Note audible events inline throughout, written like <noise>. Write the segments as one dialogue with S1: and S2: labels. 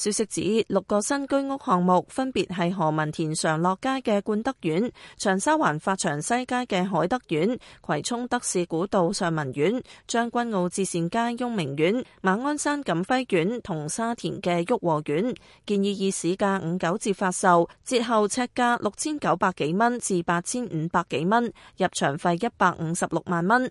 S1: 消息指六個新居屋項目分別係何文田常樂街嘅冠德苑、長沙灣發祥西街嘅海德苑、葵涌德士古道上文苑、將軍澳至善街雍明苑、馬鞍山錦輝苑同沙田嘅裕和苑，建議以市價五九折發售，折後尺價六千九百幾蚊至八千五百幾蚊，入場費一百五十六萬蚊。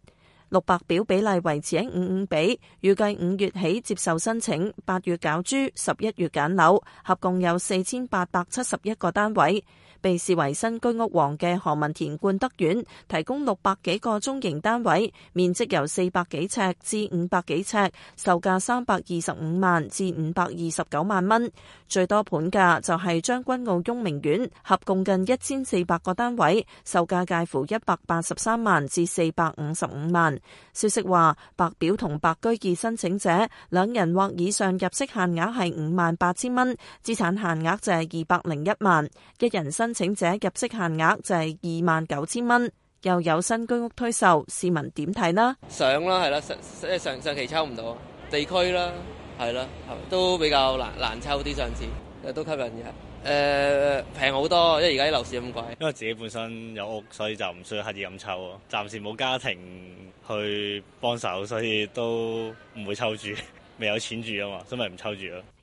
S1: 綠白表比例維持喺五五比，預計五月起接受申請，八月攪珠，十一月揀樓，合共有四千八百七十一個單位。被視為新居屋王嘅何文田冠德苑提供六百幾個中型單位，面積由四百幾尺至五百幾尺，售價三百二十五萬至五百二十九萬蚊。最多盤價就係將軍澳雍明苑，合共近一千四百個單位，售價介乎一百八十三萬至四百五十五萬。消息話，白表同白居二申請者兩人或以上入息限額係五萬八千蚊，資產限額就係二百零一萬；一人申請者入息限額就係二萬九千蚊。又有新居屋推售，市民點睇呢？
S2: 上啦，
S1: 係啦，上上上期抽唔到，地區啦，係啦，都比較難難抽啲上次，都吸引嘅。誒平好多，因為而家啲樓市咁貴。因為自己
S2: 本身有屋，所以就唔需要刻意咁抽咯。暫時冇家庭去幫手，所以都唔會抽住。未 <laughs> 有錢住啊嘛，所以咪唔抽住咯。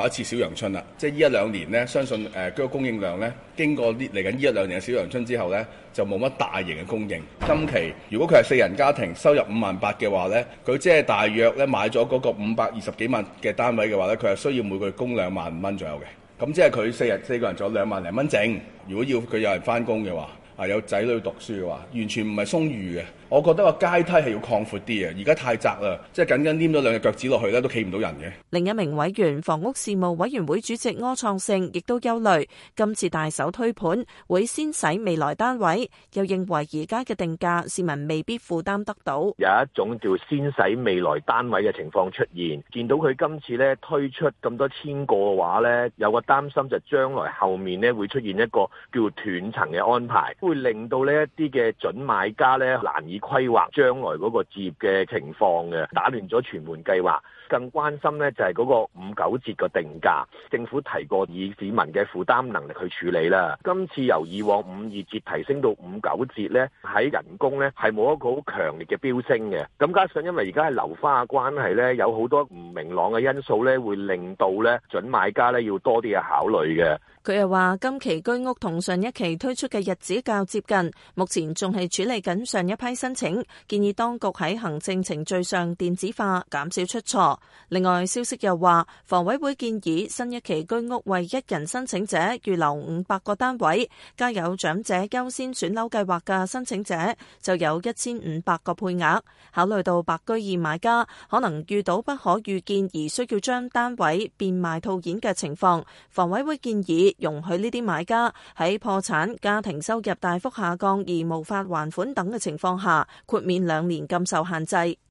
S3: 有一次小陽春啦，即係呢一兩年呢，相信誒個、呃、供應量呢，經過啲嚟緊呢一兩年嘅小陽春之後呢，就冇乜大型嘅供應。今期如果佢係四人家庭，收入五萬八嘅話呢，佢即係大約咧買咗嗰個五百二十幾萬嘅單位嘅話呢，佢係需要每個月供兩萬五蚊左右嘅。咁即係佢四人，四個人仲有兩萬零蚊剩。如果要佢有人翻工嘅話，啊，有仔女讀書嘅話，完全唔係鬆裕嘅。我覺得個階梯係要擴闊啲啊！而家太窄啦，即係緊緊黏咗兩隻腳趾落去咧，都企唔到人嘅。
S1: 另一名委員，房屋事務委員會主席柯創勝亦都憂慮，今次大手推盤會先使未來單位，又認為而家嘅定價市民未必負擔得到。有
S2: 一種叫先使未來單位嘅情況出現，見到佢今次咧推出咁多千個嘅話咧，有個擔心就係將來後面咧會出現一個叫斷層嘅安排，會令到呢一啲嘅準買家咧難以規劃將來嗰個置業嘅情況嘅，打亂咗全盤計劃，更關心呢就係、是、嗰個五九折嘅定價，政府提過以市民嘅負擔能力去處理啦。今次由以往五二折提升到五九折呢，喺人工呢係冇一個好強烈嘅飆升嘅，咁加上因為而家係流花嘅關係呢，有好多唔。明朗嘅因素咧，會令到咧準買家咧要多啲嘅考慮嘅。
S1: 佢又話今期居屋同上一期推出嘅日子較接近，目前仲係處理緊上一批申請，建議當局喺行政程序上電子化，減少出錯。另外消息又話，房委會建議新一期居屋為一人申請者預留五百個單位，家有長者優先選樓計劃嘅申請者就有一千五百個配額。考慮到白居二買家可能遇到不可預。建議需要將單位變賣套現嘅情況，房委會建議容許呢啲買家喺破產、家庭收入大幅下降而無法還款等嘅情況下，豁免兩年禁售限制。